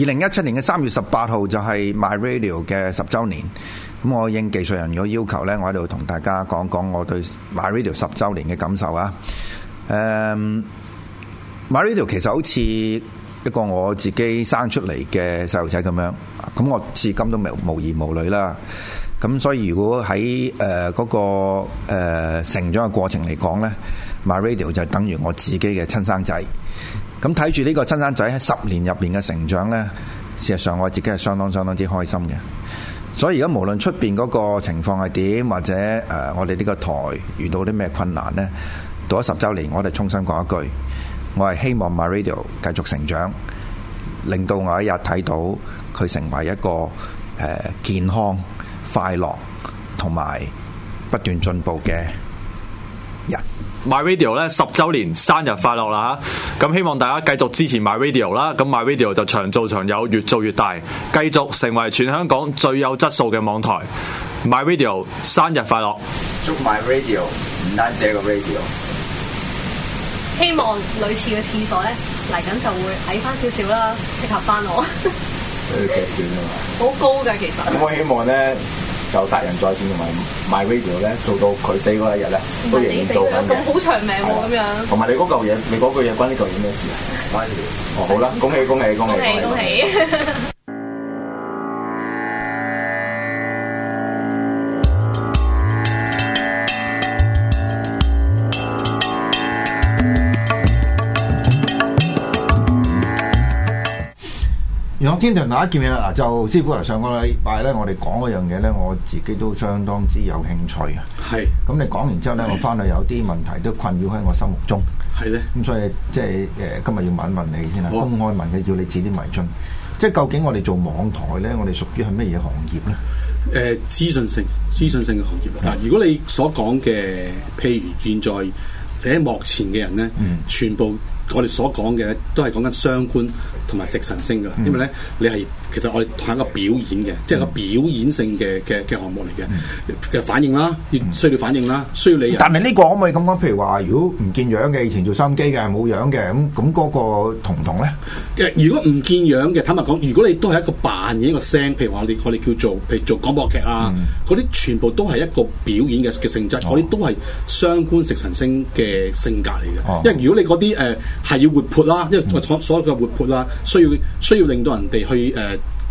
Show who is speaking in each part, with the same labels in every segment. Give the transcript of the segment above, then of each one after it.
Speaker 1: 二零一七年嘅三月十八號就係 MyRadio 嘅十週年，咁我應技術人員嘅要求咧，我喺度同大家講講我對 MyRadio 十週年嘅感受啊！誒，MyRadio 其實好似一個我自己生出嚟嘅細路仔咁樣，咁我至今都無兒無女啦，咁所以如果喺誒嗰個誒成長嘅過程嚟講咧，MyRadio 就等於我自己嘅親生仔。咁睇住呢個親生仔喺十年入邊嘅成長呢，事實上我自己係相當相當之開心嘅。所以而家無論出邊嗰個情況係點，或者誒我哋呢個台遇到啲咩困難呢，到咗十週年，我哋衷心講一句，我係希望 My Radio 繼續成長，令到我一日睇到佢成為一個健康、快樂同埋不斷進步嘅
Speaker 2: 人。My Radio 咧十周年生日快樂啦！咁希望大家繼續支持 My Radio 啦，咁 My Radio 就長做長有，越做越大，繼續成為全香港最有質素嘅網台。My Radio 生日快樂！祝 My Radio 唔單
Speaker 1: 止個 Radio，希望類似嘅廁所咧嚟緊就會矮翻
Speaker 2: 少少啦，適合翻我。好 Okay. 高噶
Speaker 1: 其實。咁我希望咧。就達人在線同埋
Speaker 2: My Radio 咧，做到佢死嗰一日咧，都仍然做緊。咁好長命喎、啊，咁、啊、樣。同埋你嗰嚿嘢，你嗰嚿嘢關呢嚿嘢咩事啊？你哦，好啦，恭喜 恭喜！恭喜
Speaker 1: 恭喜！天台，大家見面啦！嗱，就師傅啊，上個禮拜咧，我哋講嗰樣嘢咧，我自己都相當之有興趣啊！係是，咁你講完之後咧，是我翻嚟有啲問題都困擾喺我心目中。係咧呢，咁所以即係誒，今日要問一問你先啦，公開問你，好叫你指啲迷津。即係究竟我哋做網台咧，我哋屬於係乜嘢行業咧？
Speaker 2: 誒、呃，資訊性、資訊性嘅行業。嗱、嗯，如果你所講嘅，譬如現在喺幕前嘅人咧，嗯，全部、嗯。我哋所講嘅都係講緊傷官同埋食神星嘅，因為咧你係其實我哋睇一個表演嘅，即係一個表演性嘅嘅嘅項目嚟嘅嘅反應啦，需要反應啦，需要你。但係
Speaker 1: 呢個可唔可以咁講？譬如話，如果唔見樣嘅，以前做收音機
Speaker 2: 嘅冇樣嘅，咁咁嗰個同唔同咧？如果唔見樣嘅，坦白講，如果你都係一個扮演一個聲，譬如話我哋我哋叫做譬如做廣播劇啊，嗰啲全部都係一個表演嘅嘅性質，嗰啲都係傷官食神星嘅性格嚟嘅，因為如果你嗰啲誒。係要活潑啦，因為所所有嘅活潑啦，需要需要令到人哋去誒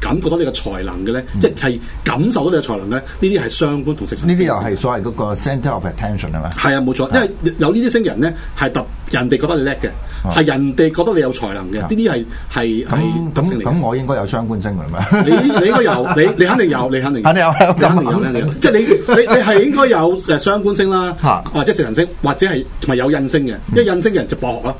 Speaker 2: 感覺到你嘅才能嘅咧，即係感受到你嘅才能咧。呢啲係傷官同食神。呢啲又係所謂嗰個 centre of attention 係嘛？係啊，冇錯，因為有呢啲星嘅人咧，係特人哋覺得你叻嘅，係人哋覺得你有才能嘅。呢啲係係係咁咁，我應該有傷官星㗎嘛？你你應該有，你你肯定有，你肯定肯定有，肯定有咧。你即係你你係應該有誒傷官星啦，或者食神星，或者係同埋有印星嘅，因為印星嘅人就博學啦。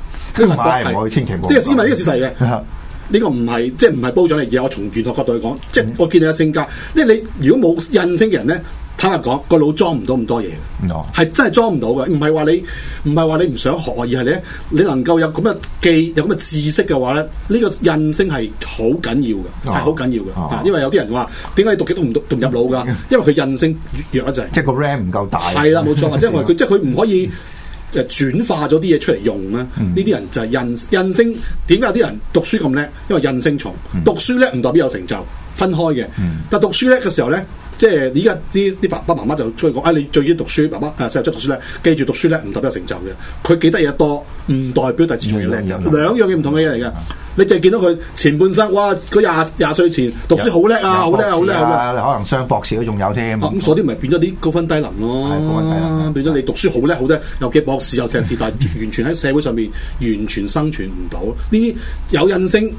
Speaker 2: 唔係，我千祈冇。即係因為呢個事實嘅，呢 個唔係即係唔係煲咗你嘅。我從玄學角度嚟講，即係我見你嘅性格。即係你如果冇韌性嘅人咧，坦白講，個腦裝唔到咁多嘢嘅，係、嗯哦、真係裝唔到嘅。唔係話你唔係話你唔想學啊，而係咧你，你能夠有咁嘅記有咁嘅知識嘅話咧，呢、呢個韌性係好緊要嘅，係好緊要嘅、哦。因為有啲人話點解你讀幾多唔讀唔入腦㗎？因為佢韌性弱啊，就係即係個 RAM 唔夠大。係啦， 冇錯，即係我佢，即係佢唔可以。嗯就轉化咗啲嘢出嚟用啦，呢啲、嗯、人就係印、印星。點解有啲人讀書咁叻？因為印星重，嗯、讀書叻唔代表有成就，分開嘅。嗯、但讀書叻嘅時候咧。即係依家啲啲爸爸媽媽就出去講啊！你最中意讀書，爸爸啊細路仔讀書咧，記住讀書咧，唔代表成就嘅。佢記得嘢多，唔代表第次做要叻嘅。嗯嗯嗯、兩樣嘢唔同嘅嘢嚟嘅。嗯嗯嗯、你淨係見到佢前半生，哇！佢廿廿歲前讀書好叻啊，好叻，啊、好叻，好叻、啊。可能雙博士都仲有添咁、啊嗯、所以咪變咗啲高分低能咯？能啊、變咗你讀書好叻，好叻，尤其博士又碩士， 但係完全喺社會上面完全生存唔到。呢啲有印星。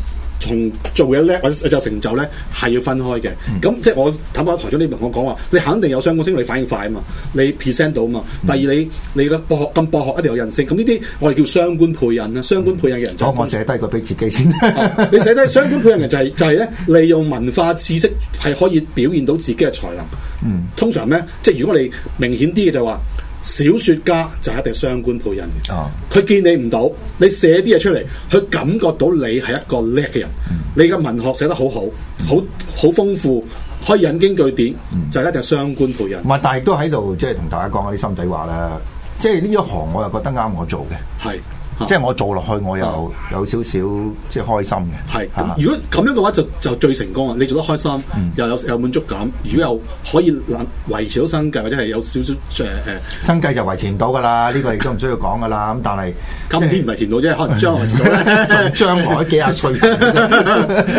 Speaker 2: 從做嘢叻或者成就咧，係要分開嘅。咁、嗯、即係我坦白台長，你同我講話，你肯定有傷官星，你反應快啊嘛，你 present 到啊嘛。嗯、第二，你你個博學咁博學，一定有人性。咁呢啲我哋叫傷官配印啊，傷官配印嘅人、就是。就、嗯，我寫低佢俾自己先。啊、你寫低傷官配印嘅人就係、是、就係、是、咧，利用文化知識係可以表現到自己嘅才能。嗯、通常咧，即係如果你明顯啲嘅就話。小說家就一定係傷官配印嘅。佢、啊、見你唔到，你寫啲嘢出嚟，佢感覺到你係一個叻嘅人，嗯、你嘅文學寫得好好，好好豐富，可以引經據典、嗯，就一定係傷官配印。唔係，但係都喺
Speaker 1: 度即係同大家講下啲心底話啦。即係呢一行我又覺得啱我做嘅，係。即
Speaker 2: 係我做落去，我又有少少是即係開心嘅。係咁，如果咁樣嘅話，就就最成功啊！你做得開心，又有有滿足感，如果有可以維持到生計，或者係有少少誒、uh, 生計就維持唔到噶啦。呢、這個亦都唔需要講噶啦。咁 但係今天唔維持到啫，可能將來維持到 將來幾廿歲、 這個，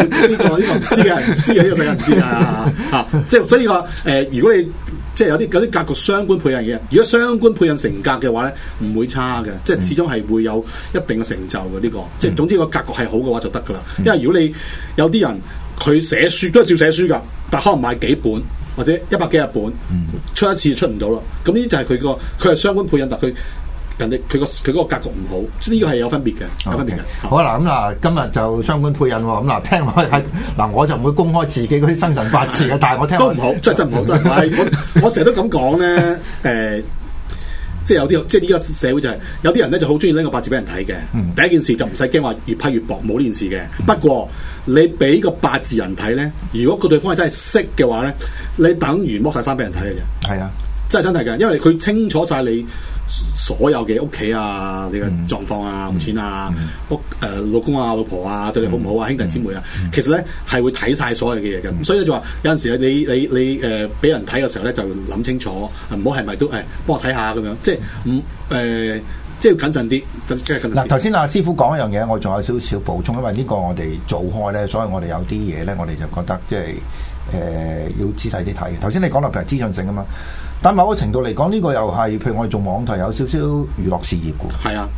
Speaker 2: 呢、這個呢、這個唔知啊，唔知呢個世界唔知啊。啊，即係所以話誒、呃，如果你。即係有啲有啲格局傷官配印嘅，如果傷官配印成格嘅話咧，唔會差嘅，即係始終係會有一定嘅成就嘅呢個。即係總之個格局係好嘅話就得噶啦。因為如果你有啲人佢寫書都係照寫書㗎，但可能賣幾本或者一百幾十本，出一次出唔到咯。咁呢啲就係佢個佢係傷官配印，但佢。人哋佢個佢個格局唔好，呢個係有分別嘅，有分別
Speaker 1: 嘅。好啦，咁嗱，今日就傷官配印喎。咁嗱，聽話喺嗱，我就唔會公開自己嗰啲生辰八字嘅。 但係我聽都唔好，
Speaker 2: 真係真唔好， 我成日都咁講咧，誒、呃，即係有啲，即係呢個社會就係、是、有啲人咧就好中意拎個八字俾人睇嘅。嗯、第一件事就唔使驚話越批越薄，冇呢件事嘅。不過你俾個八字人睇咧，如果個對方真係識嘅話咧，你等於剝晒衫俾人睇嘅。係、嗯、啊，真係真係㗎，因為佢清楚晒你。所有嘅屋企啊，你嘅狀況啊，冇錢啊，屋誒老公啊、老婆啊，對你好唔好啊？兄弟姊妹啊，其實咧係會睇晒所有嘅嘢嘅，所以就話有陣時你你你誒俾人睇嘅時候咧，就諗清楚，唔好係咪都誒幫我睇下咁樣，即係唔誒，即係要謹慎啲，即係嗱，頭
Speaker 1: 先阿師傅講一樣嘢，我仲有少少補充，因為呢個我哋做開咧，所以我哋有啲嘢咧，我哋就覺得即係誒要仔細啲睇。頭先你講到譬如資訊性啊嘛。但某個程度嚟講，呢、這個又係，譬如我哋做網台有少少娛樂事業嘅，係啊，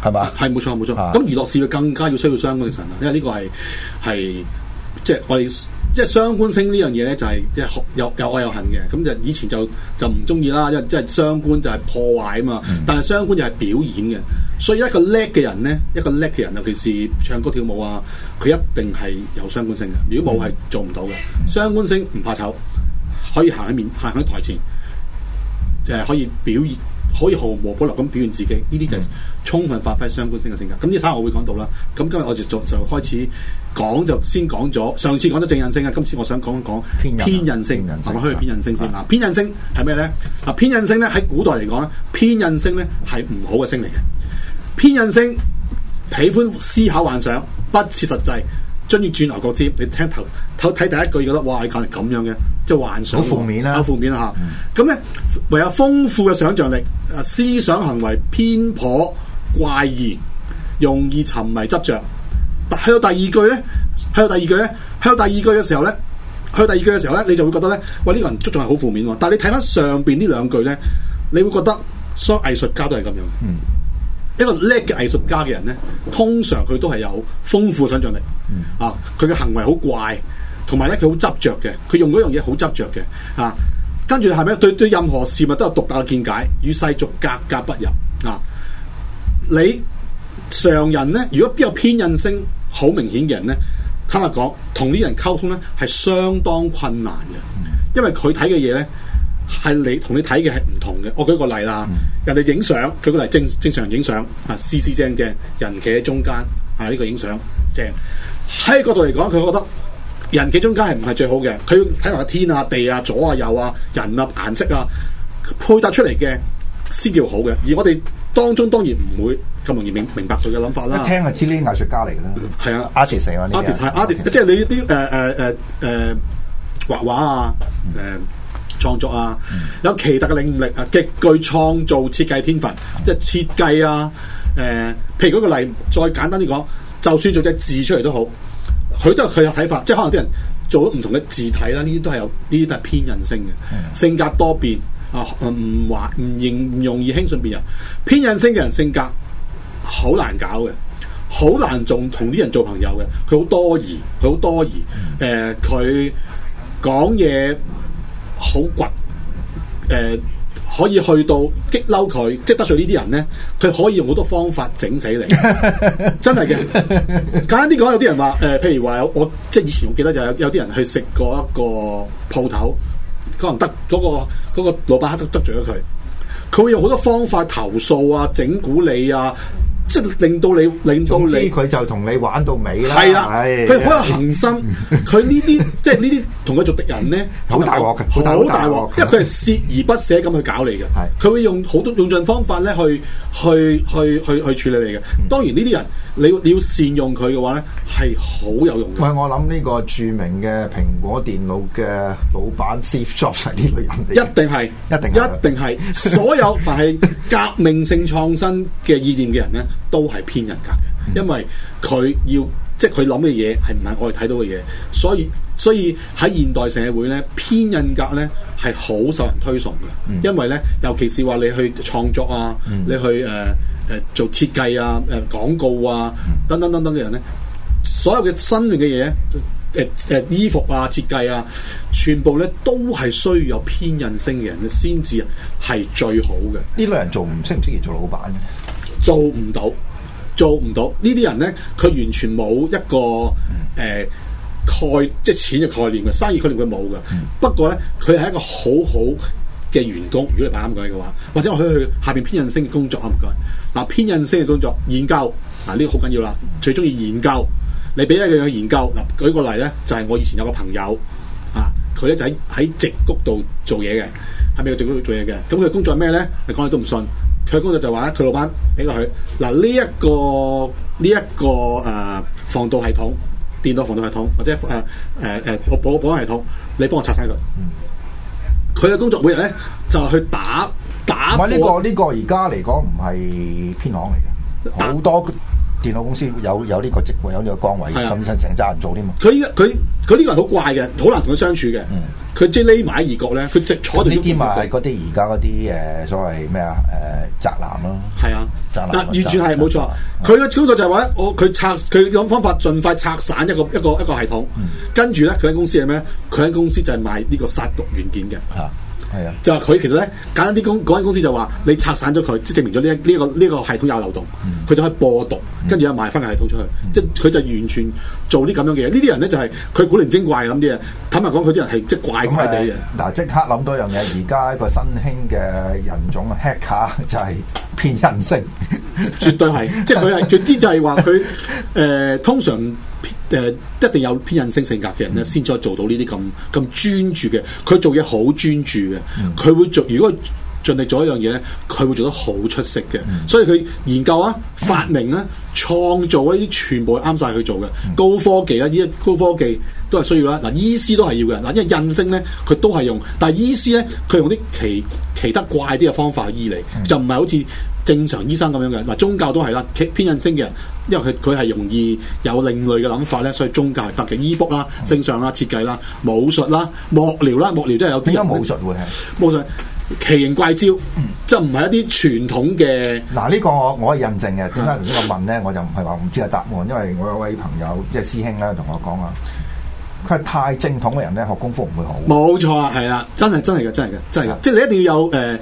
Speaker 1: 係嘛吧？係
Speaker 2: 冇錯冇錯。咁娛樂事業更加要需要傷官食神啊，因為呢個係係即係我哋即係傷官星呢樣嘢咧，就係即係有有愛有恨嘅。咁就以前就就唔中意啦，因為即係傷官就係破壞啊嘛。但係傷官就係表演嘅，所以一個叻嘅人咧，一個叻嘅人尤其是唱歌跳舞啊，佢一定係有傷官星嘅。如果冇係做唔到嘅，傷官星唔怕醜，可以行喺面行喺台前。誒可以表現，可以毫無保留咁表現自己，呢啲就充分發揮傷官星嘅性格。咁呢三稍後我會講到啦。咁今日我就就開始講，就先講咗上次講咗正印星啊，今次我想講一講偏印星，係咪可以偏印星先？嗱，偏印星係咩咧？嗱，偏印星咧喺古代嚟講咧，偏印星咧係唔好嘅星嚟嘅。偏印星喜歡思考幻想，不切實際。將佢轉牛角尖，你聽頭睇第一句覺得哇，係梗係咁樣嘅。就係幻想、負面啦、啊，負面吓。咁咧、嗯，唯有豐富嘅想像力，思想行為偏頗怪異，容易沉迷執著。去到第二句咧，去到第二句咧，去到第二句嘅時候咧，去到第二句嘅時候咧，你就會覺得咧，喂！呢、這個人捉仲係好負面喎、啊。但係你睇翻上邊呢兩句咧，你會覺得所有藝術家都係咁樣。嗯、一個叻嘅藝術家嘅人咧，通常佢都係有豐富想像力，嗯、啊，佢嘅行為好怪。同埋咧，佢好執着嘅，佢用嗰樣嘢好執着嘅啊。跟住係咪對對任何事物都有獨特嘅見解，與世俗格格，格不入啊？你常人咧，如果比較偏印星好明顯嘅人咧，坦白講，同呢人溝通咧係相當困難嘅，因為佢睇嘅嘢咧係你，你同你睇嘅係唔同嘅。我舉個例啦，嗯、人哋影相，舉個例正正常影相啊，斯斯正，正正，人企喺中間啊，呢、這個影相正喺角度嚟講，佢覺得。人嘅中間係唔係最好嘅？佢要睇埋個天啊、地啊、左啊、右啊、人啊、顏色啊，配搭出嚟嘅先叫好嘅。而我哋當中當然唔會咁容易明明白佢嘅諗法啦。聽
Speaker 1: 係知呢藝術家嚟
Speaker 2: 嘅啦，係 啊，artist 啊，artist 係 artist，即係你啲誒誒誒誒畫畫啊，誒、啊、創作啊，有奇特嘅領悟力啊，極具創造設計天分，即、就、係、是、設計啊，誒、啊，譬、啊、如嗰個例，再簡單啲講，就算做隻字出嚟都好。佢都係，佢有睇法，即係可能啲人做咗唔同嘅字體啦，呢啲都係有，呢啲都係偏印星嘅 性格多變，啊唔話唔認唔容易輕信別人，偏印星嘅人性，人性格好難搞嘅，好難仲同啲人做朋友嘅，佢好多疑，佢好多疑，誒、呃、佢講嘢好倔，誒、呃。可以去到激嬲佢，即得罪呢啲人咧，佢可以用好多方法整死你， 真係嘅。簡單啲講，有啲人話誒、呃，譬如話我，即以前我記得有有啲人去食過一個鋪頭，可能得嗰、嗰個嗰、嗰個老闆客都得罪咗佢，佢會用好多方法投訴啊，整蠱你啊。即係令到你，令到你，總之佢就同你玩到尾啦。係啊的，佢好、哎、呀 有恒心，佢 呢啲即係呢啲同佢做敵人咧，好 大鑊惡嘅，好 大鑊。 因為佢係鍥而不捨咁去搞你嘅，係，佢會用好多用盡方法咧去去去去去處理你嘅。當然呢啲人。你要你要善用佢嘅話咧，係好有用嘅。喂，我諗呢個著名嘅蘋果電腦嘅老闆 Steve Jobs 係呢個人，一定係一定一定係所有凡係革命性創新嘅意念嘅人咧，都係偏印格嘅，因為佢要、嗯、即係佢諗嘅嘢係唔係我哋睇到嘅嘢，所以所以喺現代社會咧，偏印格咧係好受人推崇嘅，嗯、因為咧，尤其是話你去創作啊，嗯、你去誒。呃誒做設計啊、誒、呃、廣告啊、等等等等嘅人咧，所有嘅新嘅嘢、誒、呃、誒、呃、衣服啊、設計啊，全部咧都係需要有偏印性嘅人嘅先至係最好嘅。呢類人仲唔適唔適宜做老闆嘅？做唔到，做唔到。呢啲人咧，佢完全冇一個誒、嗯呃、概即係、就是、錢嘅概念嘅，生意概念佢冇嘅。嗯、不過咧，佢係一個好好嘅員工，如果你擺啱佢嘅話，或者我可以去下邊偏印星嘅工作啊，唔該。嗱，偏印星嘅工作研究，嗱、啊、呢、這個好緊要啦，最中意研究。你俾一樣嘅研究，嗱、啊、舉個例咧，就係、是、我以前有個朋友啊，佢咧就喺喺直谷度做嘢嘅，係咪個直谷度做嘢嘅？咁、啊、佢工作係咩咧？你講你都唔信。佢工作就話咧，佢老闆俾個佢嗱呢一個呢一個誒防盜系統，電腦防盜系統或者誒誒誒保保，保安系統，你幫我拆晒佢。佢嘅工作每日咧就係、是、去打打波。唔係呢個呢、這個而家嚟講唔係偏行嚟嘅，好打多。
Speaker 1: 電腦公司有有呢個職位有呢個崗位，甚至成扎人做添嘛。佢佢佢呢個人好
Speaker 2: 怪嘅，好難同佢相處嘅。佢即係匿埋喺二角咧，佢直坐住。你
Speaker 1: 見埋嗰啲而家嗰啲
Speaker 2: 誒所謂咩啊？誒，宅男咯。係啊，宅男。完全係冇錯。佢嘅操作就係話，我佢拆，佢有方法盡快拆散一個一個一個系統。跟住咧，佢間公司係咩？佢間公司就係賣呢個殺毒軟件嘅。係啊，就係佢其實咧，簡單啲公嗰間公司就話你拆散咗佢，即證明咗呢一呢個呢、呢個系統有漏洞，佢、嗯、就可以播毒，跟住又賣翻個系統出去，嗯、即佢就完全做啲咁樣嘅嘢。呢啲人咧就係佢古靈精怪咁啲嘢。坦白講，佢啲人係即怪怪地嘅。嗱、嗯，即、嗯、刻諗到一樣嘢，而家一個新興嘅人種啊，hack 就係騙人性，絕對係，即佢係最啲就係話佢誒通常。誒、呃、一定有偏印星性、性格嘅人咧，先至、嗯、做到呢啲咁咁專注嘅。佢做嘢好專注嘅，佢、嗯、會做。如果盡力做一樣嘢咧，佢會做得好出色嘅。嗯、所以佢研究啊、發明啊、創造啊，呢啲全部係啱晒去做嘅。嗯、高科技啊，呢啲高科技都係需要啦。嗱、呃，醫師都係要嘅。嗱、呃，因為印星咧，佢都係用，但係醫師咧，佢用啲奇奇得怪啲嘅方法嚟醫你、嗯嗯，就唔係好似。正常醫生咁樣嘅。嗱，宗教都係啦。偏印星嘅人，因為佢佢係容易有另類嘅諗法咧，所以宗教特別，醫卜啦、星相啦、設計啦、武術啦、幕僚啦，幕僚都係有點解武術喎？武術奇形怪招，嗯、即係唔係一啲傳統嘅嗱？呢個我我係印證嘅。點解頭先我問咧，
Speaker 1: 我就唔係話唔知個答案，因為我有位朋友即係師兄咧同我講啊。佢係太正統嘅人咧，學功夫唔會好。
Speaker 2: 冇錯啊，係啦，真係真係嘅，真係嘅，真係嘅。的即係你一定要有誒、呃，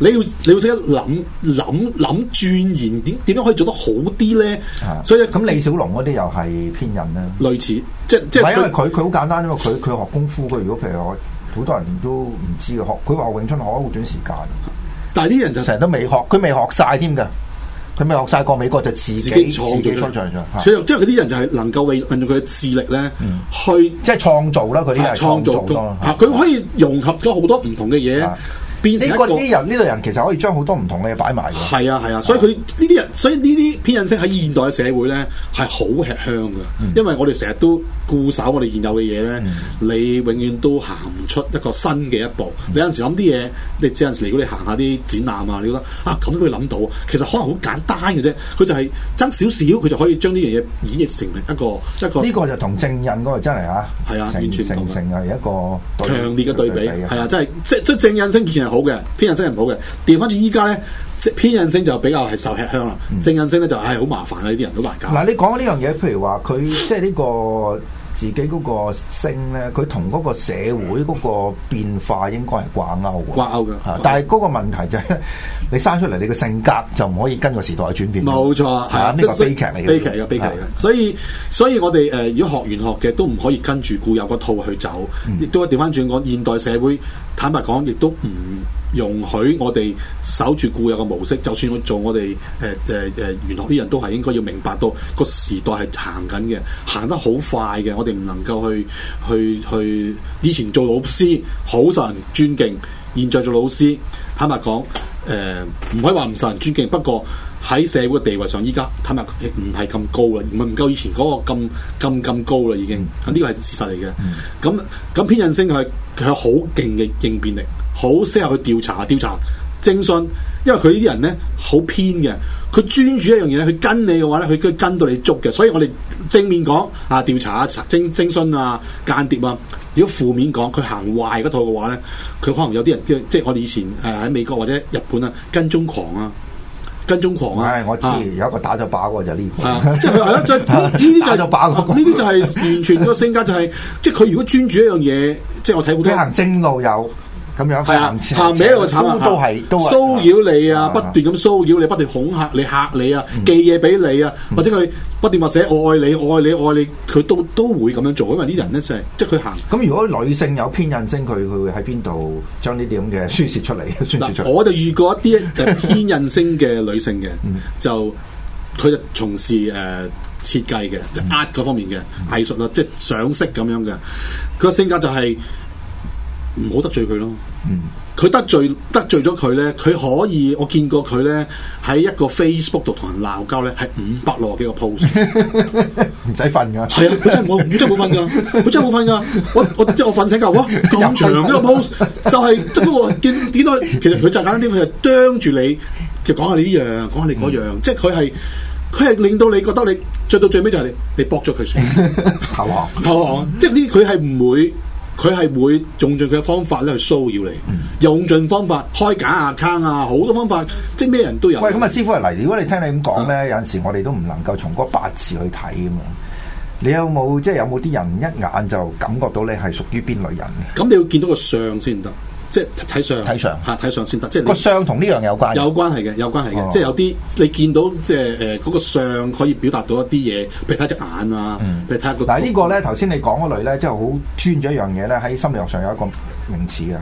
Speaker 2: 你要你要識得諗諗諗鑽研，點點樣可以做得好啲咧？
Speaker 1: 的所以咁、嗯、李小龍嗰啲又係偏印啦，類似即係即係，因為佢佢好簡單因為，佢佢學功夫，佢如果譬如我好多人都唔知嘅，學佢話學詠春學好短時間，但係啲人就成日都未學，佢未學曬添嘅。佢咪學晒個美國就自己自己創造，所以
Speaker 2: 即係佢啲人就係能夠為運用佢嘅智力咧，嗯、去即係創造啦。佢啲人創造，創造啊，佢是可以融合咗好多唔同嘅嘢。呢個人，呢類人其實可以將好多唔同嘅嘢擺埋嘅。係啊係啊，所以佢呢啲人，所以呢啲偏印星喺現代嘅社會咧係好吃香嘅，因為我哋成日都固守我哋現有嘅嘢咧，你永遠都行唔出一個新嘅一步。你有陣時諗啲嘢，你有陣時如果你行下啲展覽啊，你覺得啊咁佢諗到，其實可能好簡單嘅啫，佢就係爭少少，佢就可以將呢樣嘢演繹成一個一
Speaker 1: 個。呢個就同正印嗰個真係啊，係啊，完全同。成成係一個
Speaker 2: 強烈嘅對比，係啊，真係即即正印星以前。好嘅偏印星係唔好嘅，調翻轉依家咧，偏印星就比較係受吃香啦。嗯、正印星咧就係好、哎、麻煩嘅，呢啲人都難搞。
Speaker 1: 嗱、嗯，你講呢樣嘢，譬如話佢即係呢、這個自己嗰個星咧，佢同嗰個社會嗰個變化應該係掛鈎嘅，掛鈎嘅。但係嗰個問題就係、是，你生出嚟你個性格就唔可以跟個時代轉變。冇錯，係呢個悲劇嚟嘅，悲劇嘅悲劇嘅。
Speaker 2: 所以所以，所以我哋誒，如果、呃、學玄學嘅都唔可以跟住固有個套去走，亦都係調翻轉講現代社會。坦白講，亦都唔容許我哋守住固有嘅模式。就算去做我哋誒誒誒，玄學啲人都係應該要明白到個時代係行緊嘅，行得好快嘅。我哋唔能夠去去去。以前做老師好受人尊敬，現在做老師，坦白講誒，唔、呃、可以話唔受人尊敬。不過，喺社會嘅地位上，依家坦白亦唔係咁高啦，唔係唔夠以前嗰個咁咁咁高啦，已經，呢個係事實嚟嘅。咁咁偏印星係佢有好勁嘅應變力，好適合去調查調查徵信，因為佢呢啲人咧好偏嘅，佢專注一樣嘢咧，佢跟你嘅話咧，佢佢跟，跟到你捉嘅。所以我哋正面講啊，調查啊，徵徵信啊，間諜啊。如果負面講佢行壞嗰套嘅話咧，佢可能有啲人即即係我哋以前誒喺美國或者日本啊跟蹤狂啊。跟蹤狂唉，我知，有一、就是、個打咗靶嘅就呢個、 就是，即係話咧，即係呢啲就係呢啲就係完全個性格就係，即係佢如果專注一樣嘢， 即係我睇好多行政路由。咁樣係啊，行喺度慘啊！都係都係騷擾你啊，不斷咁騷擾你，不斷恐吓你吓你啊，寄嘢俾你啊，或者佢不斷話寫愛你愛你愛你，佢都都會咁樣做，因為啲人咧就即係佢行。咁如果女性
Speaker 1: 有偏印星，佢佢會喺邊度將呢啲咁嘅宣泄出嚟？嗱，我
Speaker 2: 就遇過一啲偏印星嘅女性嘅，就佢就從事誒設計嘅，壓嗰方面嘅藝術啦，即係賞識咁樣嘅，佢個性格就係。唔好得罪佢咯。嗯，佢得罪得罪咗佢咧，佢可以我見過佢咧，喺一個 Facebook 度同人鬧交咧，係五百羅幾個 post，唔使瞓噶。係 啊，佢真係佢真冇瞓噶，佢真冇瞓噶。我我即係我瞓醒覺啊，咁長呢個 post 就係即係我見見到，其實佢就簡單啲，佢就啄住你，就講下你呢樣，講下、嗯、你嗰樣，即係佢係佢係令到你覺得你着到最尾就係你你駁咗佢算投降投降，投降嗯、即係呢佢係唔會。佢係會用盡佢嘅方法咧去騷擾你，嗯、用盡方法開假 account 啊，好多方法，即係咩人都有。喂，咁啊，師傅嚟，如果你聽你咁講咧，嗯、有陣時我哋都唔能夠
Speaker 1: 從嗰八字去睇啊嘛。你有冇即係有冇啲、就是、人一眼就感覺到你係屬於邊類人？
Speaker 2: 咁你要見到個相先得。即係睇相，睇相嚇睇、啊、相先得。個你相同呢樣有關，有關，有關係嘅，嗯、有關係嘅。即係有啲你見到即係誒嗰個相可以表達到一啲嘢，譬如睇隻眼啊，譬、嗯、如睇下一個。嗱呢個咧頭先
Speaker 1: 你講嗰類咧，即係好專咗一樣嘢咧，喺心理學上有一個名詞嘅，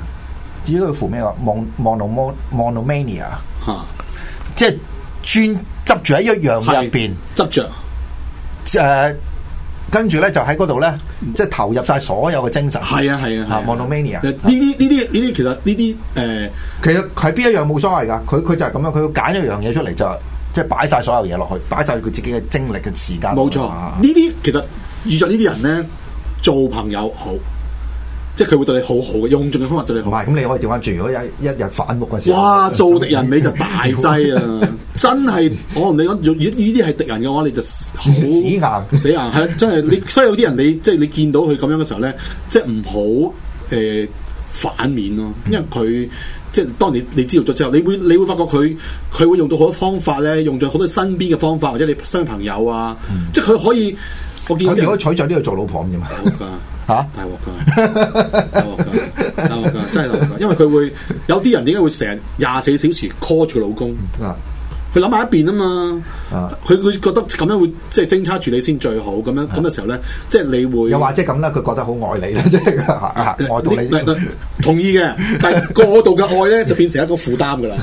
Speaker 1: 至於佢叫咩啊？Mono Monomania 嚇，即係專執住喺一樣嘢入邊，執著誒。跟住咧就喺嗰度咧，即係投入晒所有嘅精神。係
Speaker 2: 啊係啊，啊，
Speaker 1: 啊 Monomania 呢啲呢、嗯、啲呢啲其實呢啲誒，其實係邊、呃、一樣冇所謂㗎。佢佢就係咁樣，佢要揀一樣嘢出嚟就即、是、係擺晒所有嘢落去，擺晒佢自己嘅精
Speaker 2: 力嘅時間。冇錯，呢啲、啊、其實遇著呢啲人咧，做朋友好。即係佢會對你好好嘅，用盡嘅方法對你好。咁你可以調翻住？如果一日反目嘅時，哇，做敵人你就大劑啊！ 真係，我同你講，如果呢啲係敵人嘅話，你就死硬死硬，係 真係。你所以有啲人，你即係你見到佢咁樣嘅時候咧，即係唔好誒反面咯。因為佢即係當你你知道咗之後，你會你會發覺佢佢會用到好多方法咧，用咗好多身邊嘅方法，或者你身邊朋友啊，嗯、即係佢可以我見到可以娶在呢度
Speaker 1: 做老婆咁
Speaker 2: 樣。 大鑊㗎，大鑊㗎，大鑊㗎，真係大鑊㗎！因為佢會有啲人點解會成廿四小時 call 住老公？啊佢諗埋一邊啊嘛，佢佢覺得咁樣會即係偵察住你先最好，咁樣咁嘅時候咧，即係你會又或者係咁啦，佢覺得好愛你，即係愛到你，同意嘅，但係過度嘅愛咧就變成一個負擔噶啦，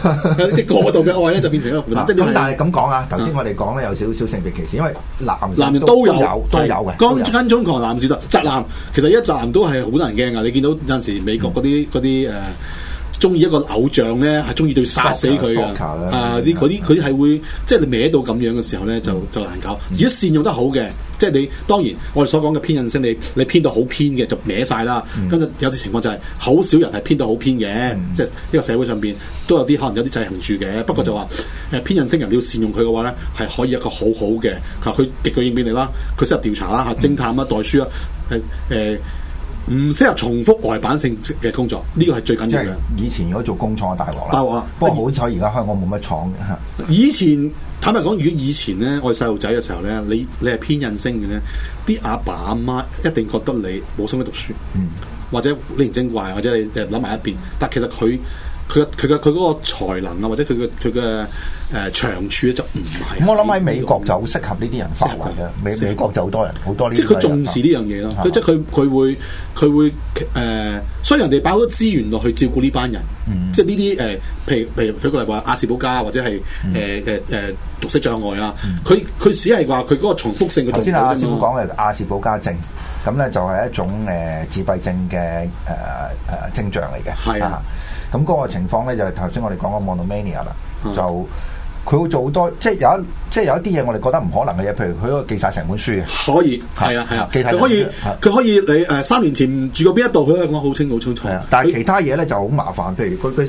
Speaker 2: 即係過度嘅愛咧就變成一個負擔。即但係咁
Speaker 1: 講啊，頭先我哋講咧有少少性別歧視，因為男男人都有都有嘅，剛
Speaker 2: 強中狂男士都宅男其實一宅男都係好難驚噶，你見到有時美國嗰啲啲誒。中意一個偶像咧，係中意到殺死佢啊！啊啲啲佢啲係會，即係你歪到咁樣嘅時候咧，就就難搞。如果善用得好嘅，即係你當然我哋所講嘅偏印星，你你偏到好偏嘅就歪晒啦。跟有啲情況就係好少人係偏到好偏嘅，即係呢個社會上邊都有啲可能有啲制衡住嘅。不過就話誒偏印星人你要善用佢嘅話咧，係可以一個好好嘅。佢極具應變力啦，佢適合調查啦、偵探啊、代書啊，誒誒。唔適合重複呆板性嘅工作，呢個係最緊要嘅。以前如果做工廠嘅大鑊啦，括不過好彩而家香港冇乜廠。以前坦白講，如果以前咧，我哋細路仔嘅時候咧，你你係偏印星嘅咧，啲阿爸阿媽一定覺得你冇心去讀書，嗯、或者你古靈精怪，或者你誒諗埋一邊，但其實佢。佢嘅佢嘅佢嗰個才能啊，或者佢嘅佢嘅誒長處咧，就唔係。我諗喺美國就好適合呢啲
Speaker 1: 人發圍嘅。美合美國就好多人，好合多。即係佢重視呢樣嘢咯。啊、佢即係
Speaker 2: 佢佢會佢會誒、呃，所以人哋擺好多資源落去照顧呢班人。嗯、即係呢啲誒，譬如譬如舉個例話亞氏保加或者係誒誒誒讀寫障礙啊。佢佢、嗯、只係話佢嗰個重複性嘅重點。頭先亞講
Speaker 1: 嘅亞氏保加症，咁咧就係一種誒自閉症嘅誒誒症狀嚟嘅。係啊。的咁嗰個情況咧就係頭先我哋講個 Monomania 啦，就佢、是、會做好多，即係有一即係有一啲嘢我哋覺得唔可能嘅嘢，譬如佢可以記曬成本書，所以，
Speaker 2: 係啊係啊，佢是可以
Speaker 1: 佢是可以你誒三、呃、年前住過邊一度，佢都可以講好清楚好清楚，但係其他嘢咧它就好麻煩，譬如佢佢。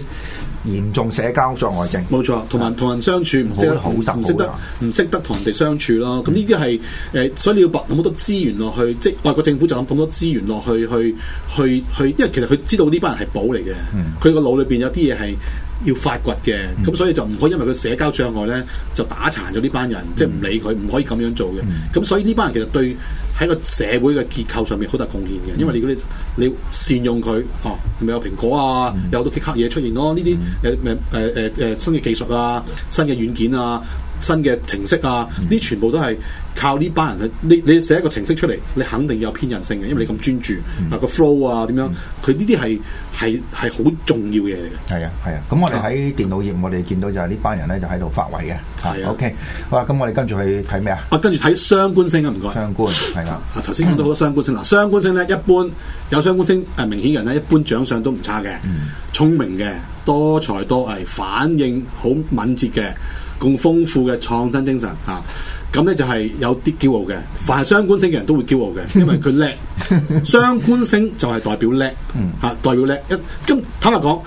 Speaker 1: 嚴重社
Speaker 2: 交障礙症，冇錯，同埋同人相處唔識得好，唔識得唔識好得同好人哋相處咯。咁呢啲係誒，所以你要撥咁多資源落去，即係外國政府就諗咁多資源落去，去去去，因為其實佢知道呢班人係寶嚟嘅，佢個、嗯、腦裏邊有啲嘢係。要發掘嘅，咁所以就唔可以因為佢社交障礙咧，就打殘咗呢班人，即係唔理佢，唔可以咁樣做嘅。咁所以呢班人其實對喺個社會嘅結構上面好大貢獻嘅，因為你果你你善用佢，哦，咪有蘋果啊，有好多啲黑嘢出現咯，呢啲誒誒誒誒誒新嘅技術啊，新嘅軟件啊。新嘅程式啊，呢、嗯、全部都係靠呢班人去你你寫一個程式出嚟，你肯定有偏人性嘅，因為你咁專注嗱、嗯啊、個 flow 啊點樣，佢呢啲係係係好重要嘢嚟嘅。係啊係啊，咁我哋喺電
Speaker 1: 腦業，我哋見到就係呢班人咧就喺度發圍嘅。係啊，OK，好啦，咁我哋跟住去睇咩啊？我跟
Speaker 2: 住睇傷官星啊，唔該、嗯。傷官係啦，啊頭先講到好多傷官星，嗱傷官星咧一般有傷官星誒明顯人咧，一般長相上都唔差嘅，聰明嘅，多才多藝，反應好敏捷嘅。咁豐富嘅創新精神嚇，咁咧就係有啲驕傲嘅。凡係傷官星嘅人都會驕傲嘅，因為佢叻。傷官星就係代表叻嚇，代表叻。一咁坦白講，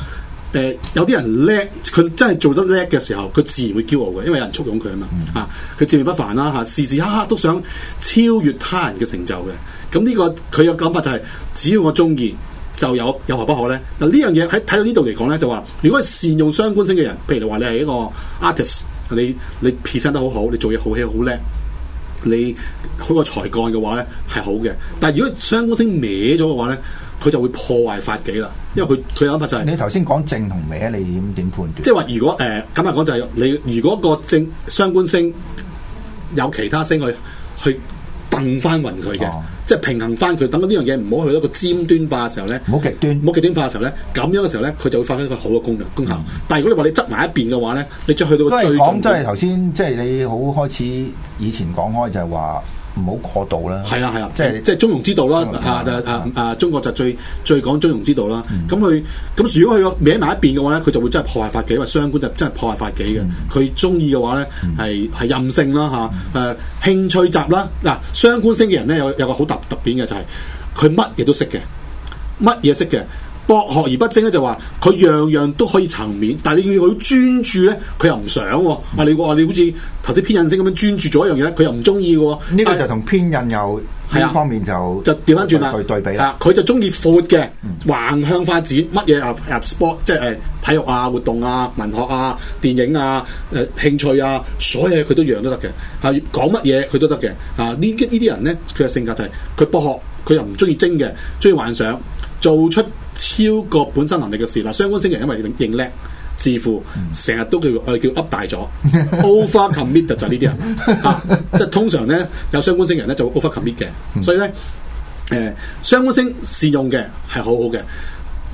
Speaker 2: 誒有啲人叻，佢真係做得叻嘅時候，佢自然會驕傲嘅，因為有人簇擁佢啊嘛嚇，佢自命不凡啦嚇，時時刻刻都想超越他人嘅成就嘅。咁呢個佢嘅感覺就係，只要我中意就有有何不可咧。嗱呢樣嘢喺睇到呢度嚟講咧，就話如果係善用傷官星嘅人，譬如嚟話你係一個 artist。你你 position 得好好，你做嘢好起好叻，你好個才幹嘅話咧係好嘅。但係如果傷官星歪咗嘅話咧，佢就會破壞法紀啦。因為佢佢諗法就係、是、你頭先
Speaker 1: 講正同歪，你點點判斷？即係話
Speaker 2: 如果誒咁嚟講就係、是、你如果個正傷官星有其他星去去掟翻勻佢嘅。哦即係平衡翻佢，等到呢樣嘢唔好去到一個尖端化嘅時候咧，唔好極端，唔好極端化嘅時候咧，咁樣嘅時候咧，佢就會發揮一個好嘅功能功效。的但係如果你話你執埋一邊嘅話咧，你再去到最，都係講即係頭
Speaker 1: 先，即係你好開始以前講開就係話。唔
Speaker 2: 好過度啦。係 啊，係啊，即係即係中庸之道啦、啊。啊啊啊，啊！中國就最最講中庸之道啦。咁佢咁，如果佢歪埋一邊嘅話咧，佢就會真係破壞法紀，或傷官就真係破壞法紀嘅。佢中意嘅話咧，係係、嗯、任性啦，嚇、啊、誒、啊、興趣集啦。嗱、啊，傷官星嘅人咧，有有個好特特別嘅就係佢乜嘢都識嘅，乜嘢識嘅。博學而不精咧，就話佢樣樣都可以層面，但係你要佢專注咧，佢又唔想、哦。啊你話你好似頭先偏印星咁樣專注咗一樣嘢，佢又唔中意嘅。呢個就同偏印又有一方，、啊、方面就就調翻轉啦，對對比啦，佢就中意闊嘅橫向發展，乜嘢啊 sport 即係誒體育啊、活動啊、文學啊、電影啊、誒、啊、興趣啊，所有嘢佢都樣都得嘅。係講乜嘢佢都得嘅啊？啊呢呢啲人咧，佢嘅性格就係佢博學，佢又唔中意精嘅，中意幻想，做出，超過本身能力嘅事，嗱，傷官星人因為認叻自負，成日都叫我哋、呃、叫 up 大咗 ，overcommit 就係呢啲人， 啊、即係通常咧有傷官星人咧就會 overcommit 嘅， 所以咧，誒、呃，傷官星善用嘅係好好嘅，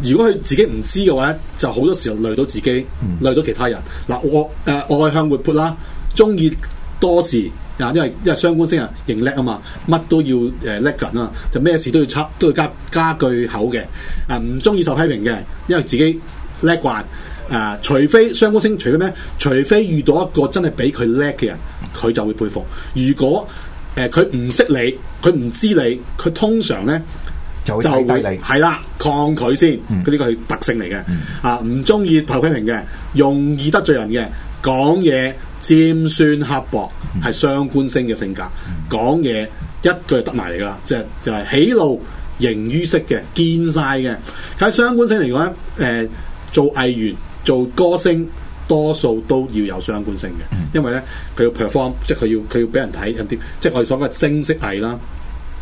Speaker 2: 如果佢自己唔知嘅話咧，就好多時候累到自己， 累到其他人。嗱，我誒外、呃、向活潑啦，中意多事。啊，因為因為傷官星人認叻啊嘛，乜都要誒叻緊啊，就咩事都要測，都要加加句口嘅，啊唔中意受批評嘅，因為自己叻慣，啊除非傷官星，除非咩，除非遇到一個真係比佢叻嘅人，佢就會佩服。如果誒佢唔識你，佢唔知你，佢通常咧就會你就係係啦抗拒先，呢個係特性嚟嘅，嗯、啊唔中意受批評嘅，容易得罪人嘅，講嘢。尖酸刻薄係傷官星嘅性格，講嘢一句得埋嚟噶啦，即係就係喜怒形於色嘅，見晒嘅。但咁傷官星嚟講，誒、呃、做藝員、做歌星，多數都要有傷官星嘅，因為咧佢要 perform，即係佢要佢要俾人睇有啲，即係我哋講嘅聲色藝啦。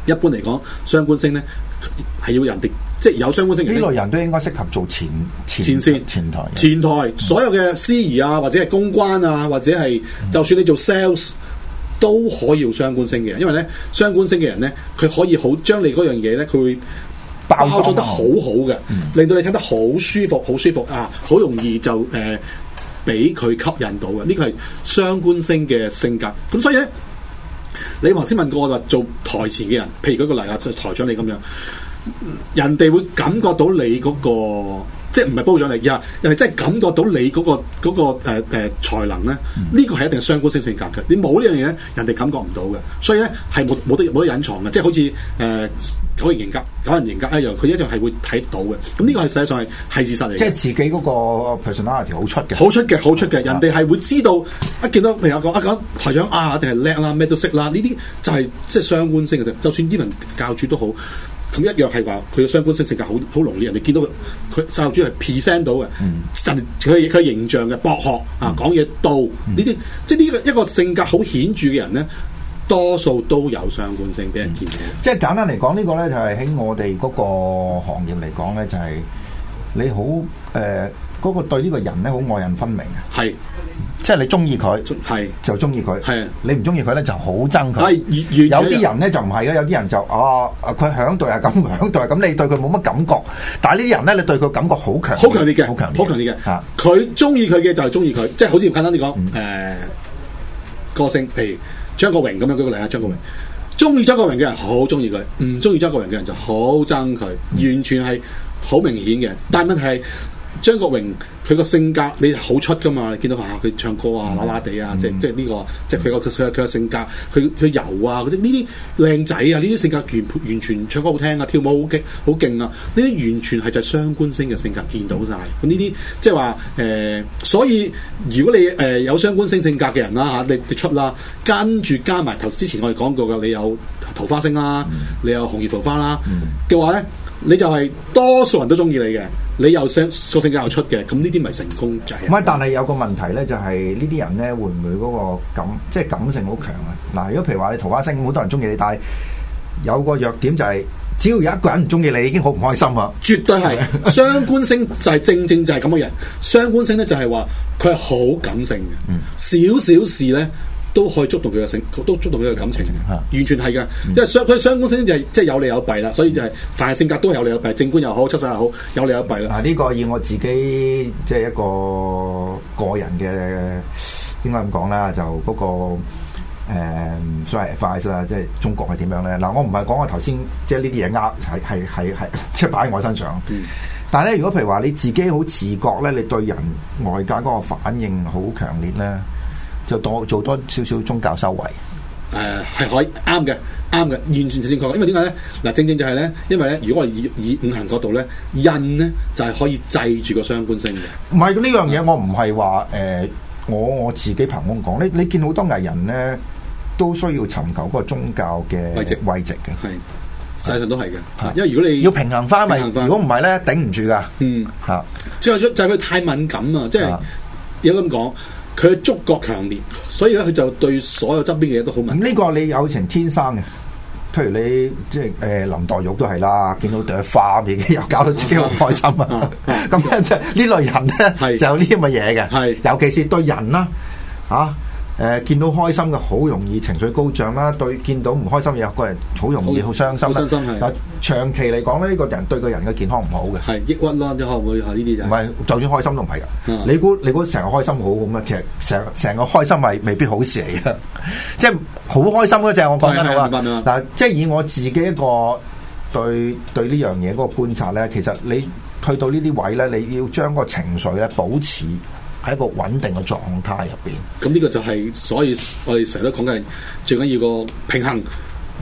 Speaker 2: 一般嚟講，傷官星咧。係要人哋，即係有相關性嘅人。呢類人都應該適合做前前線、前台、前台、嗯、所有嘅司儀啊，或者係公關啊，或者係就算你做 sales、嗯、都可以有相關性嘅人，因為咧相關性嘅人咧，佢可以好將你嗰樣嘢咧，佢包裝得好好嘅，令到你聽得好舒服、好、嗯、舒服啊，好容易就誒俾佢吸引到嘅。呢個係相關性嘅性格，咁所以呢。你頭先問過話做台前嘅人，譬如嗰個例啊，台長你咁樣，人哋會感覺到你嗰個。即係唔係褒獎你？啊，人哋真係感覺到你嗰、那個嗰、那個、呃、才能咧。呢、這個係一定係傷官星性格嘅。你冇呢樣嘢人哋感覺唔到嘅。所以咧係冇冇得冇得隱藏嘅。即係好似誒、呃、九人型格九人型格一樣，佢一樣係會睇到嘅。咁、這、呢個係實際上係係事實嚟。即係自己嗰個 personality 好出嘅，好出嘅，好出嘅。啊、人哋係會知道一見、啊、到譬如話講啊講台長啊，一定係叻啦，咩都識啦。呢啲就係、是、即係傷官星嘅啫。就算呢輪教主都好。咁一樣係話佢嘅傷官性性格好好濃烈，人哋見到佢，佢細路主係 present 到
Speaker 1: 嘅，
Speaker 2: 佢佢、嗯、形象嘅博學、嗯、啊，講嘢道呢啲，即係呢個一個性格好顯著嘅人咧，多數都有傷官性俾人見
Speaker 1: 嘅、嗯。即係簡單嚟講，這個、呢個咧就係、是、喺我哋嗰個行業嚟講咧，就係、是、你好誒嗰個對呢個人咧好愛人分明啊。係。即係你中意佢，係是的 就中意佢；是的 你唔中意佢咧，就好憎佢。有啲人咧就唔係啊，有啲人就啊，佢向度係咁，向度咁，你對佢冇乜
Speaker 2: 感覺。但係呢啲人咧，你對佢感覺好強，好強烈嘅，好強烈，好強烈嘅。佢中意佢嘅就係中意佢，即係好似簡單啲講，誒、嗯呃，歌星，譬如張國榮咁樣舉、個例啊，張國榮，中意張國榮嘅人好中意佢，唔中意張國榮嘅人就好憎佢，嗯、完全係好明顯嘅。但係，張國榮佢個性格你好出㗎嘛？你見到佢嚇佢唱歌啊，乸乸地啊，嗯、即即呢、這個即佢個佢佢個性格，佢佢油啊啲呢啲靚仔啊，呢啲性格完完全唱歌好聽啊，跳舞好激好勁啊，呢啲完全係就係傷官星嘅性格，見到晒。咁呢啲即係話誒，所以如果你誒有傷官星性，性格嘅人啦嚇、啊，你你出啦，跟住加埋頭之前我哋講過嘅，你有桃花星啦，嗯、你有紅葉桃花啦嘅、嗯、話咧，你就係多數人都中意你嘅。你又性個性格又出嘅，咁呢啲咪成功就係？唔係，但係有
Speaker 1: 個問題咧，就係、是、呢啲人咧會唔會嗰個感，即、就、係、是、感性好強啊？嗱，如果譬如話你桃花星，好多人中意你，但係有個弱點就係、是，只要有一個人唔中意你，已經好唔開心
Speaker 2: 啊！絕對係傷官星就係、是、 正正就係咁嘅人，傷官星咧就係話佢係好感性嘅，嗯，少少事咧。都可以觸動佢嘅性，都觸動佢嘅感情嘅，啊、完全係噶。嗯、因為相佢傷官星就係即係有利有弊啦，所以就係凡係性格都有利有弊，正官又好，七煞又好，有利有弊啦。啊，呢、這個以我自己即係、就是、一個
Speaker 1: 個人嘅應該咁講啦，就嗰、那個誒 surprise 啦，即、嗯、係中國係點樣咧？嗱、啊，我唔係講我頭先即係呢啲嘢呃，係係係係即係擺喺我身上。嗯、但係咧，如果譬如話你自己好自覺咧，你對人外界嗰個反應好強烈咧。就多做多少少宗教修為，
Speaker 2: 誒係可以啱嘅，啱嘅，完全正確。因為點解咧？嗱，正正就係咧，因為咧，如果我以以五行角度咧，印咧就係可以制住個傷官星嘅。唔係，呢樣嘢我唔係話
Speaker 1: 誒，我我自己憑空講。你你見好多藝人咧，都需要尋求嗰個宗教嘅慰藉，慰藉嘅係，
Speaker 2: 世上都係嘅。因為如果你要平衡翻咪，如果唔係咧，頂唔住噶。嗯，嚇，即係就係佢太敏感啊！即係點解咁講？佢觸覺強烈，所以咧佢就對所有側邊嘅嘢都好敏感。呢、嗯呢個你友
Speaker 1: 情天生嘅，譬如你即係誒林黛玉都係啦，見到朵花面又搞到自己好開心啊！咁咧即係呢類人咧就有呢啲咁嘅嘢嘅，尤其是對人啦、啊、嚇。啊誒，見到開心嘅好容易情緒高漲啦，對見到唔開心嘅個人好容易好傷心啦。心長期嚟講咧，呢個人對個人嘅健康唔好嘅。係抑鬱啦，即係會係呢啲啫。唔係，就算開心都唔係噶。你估你估成個開心好咁啊？其實成成個開心係未必好事嚟噶， 即係好開心嗰隻，我講得的好吧。嘛。即係以我自己一個對對呢樣嘢嗰個觀察咧，其實你去到呢啲位咧，你要將個情緒咧保持。喺一個穩定嘅狀態
Speaker 2: 入邊，咁呢個就係。所以我哋成日都講緊，最緊要個平衡。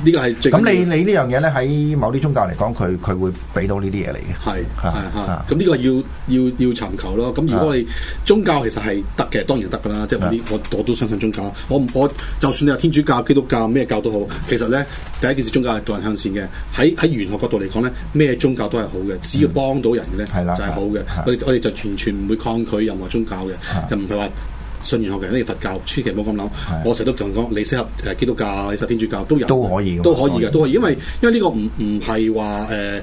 Speaker 2: 呢個係最，咁你
Speaker 1: 你呢樣嘢咧，喺某啲宗教嚟講，佢佢會俾到呢啲嘢
Speaker 2: 嚟嘅。係係係，咁呢個要要要尋求咯。咁如果你宗教其實係得嘅當然得噶啦，即係我啲我我都相信宗教，我我就算你係天主教、基督教、咩教都好，其實咧，第一件事宗教係助人向善嘅，喺喺玄學角度嚟講咧，咩宗教都係好嘅，只要幫到人嘅咧，係啦，就係好嘅。我我哋就完全唔會抗拒任何宗教嘅。咁好啊，信玄學嘅，例如佛教，千祈唔好咁諗。的我成日都同你講，你適合誒基督教、你實天主教都有都可以，都可以嘅，可以都可以。因為因為呢個唔唔係話誒，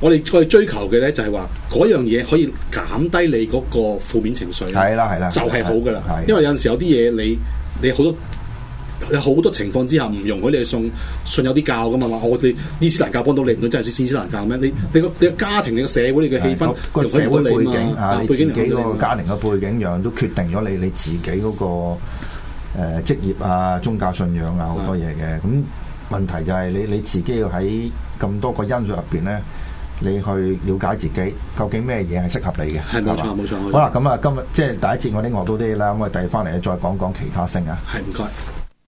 Speaker 2: 我哋去追求嘅咧，就係話嗰樣嘢可以減低你嗰個負面情緒。係啦係啦，就係好㗎啦。因為有陣時有啲嘢，你你好多。有好多情況之下唔容許你去信信有啲教噶嘛？我哋伊斯蘭教幫到你唔通，真係伊斯蘭教咩？你你個家庭、你個社會、你個氣氛、個社會背景啊，你自己嗰個家庭
Speaker 1: 嘅背景，樣都決定咗你你自己嗰個誒職業啊、宗教信仰啊好多嘢嘅。咁問題就係你你自己要喺咁多個因素入邊咧，你去了解自己究竟咩嘢係適合你嘅。冇錯冇錯。好啦，咁啊，今日即係第一節我啲外都啲啦，咁我哋第日翻嚟再講講其他星啊。
Speaker 2: 係唔該。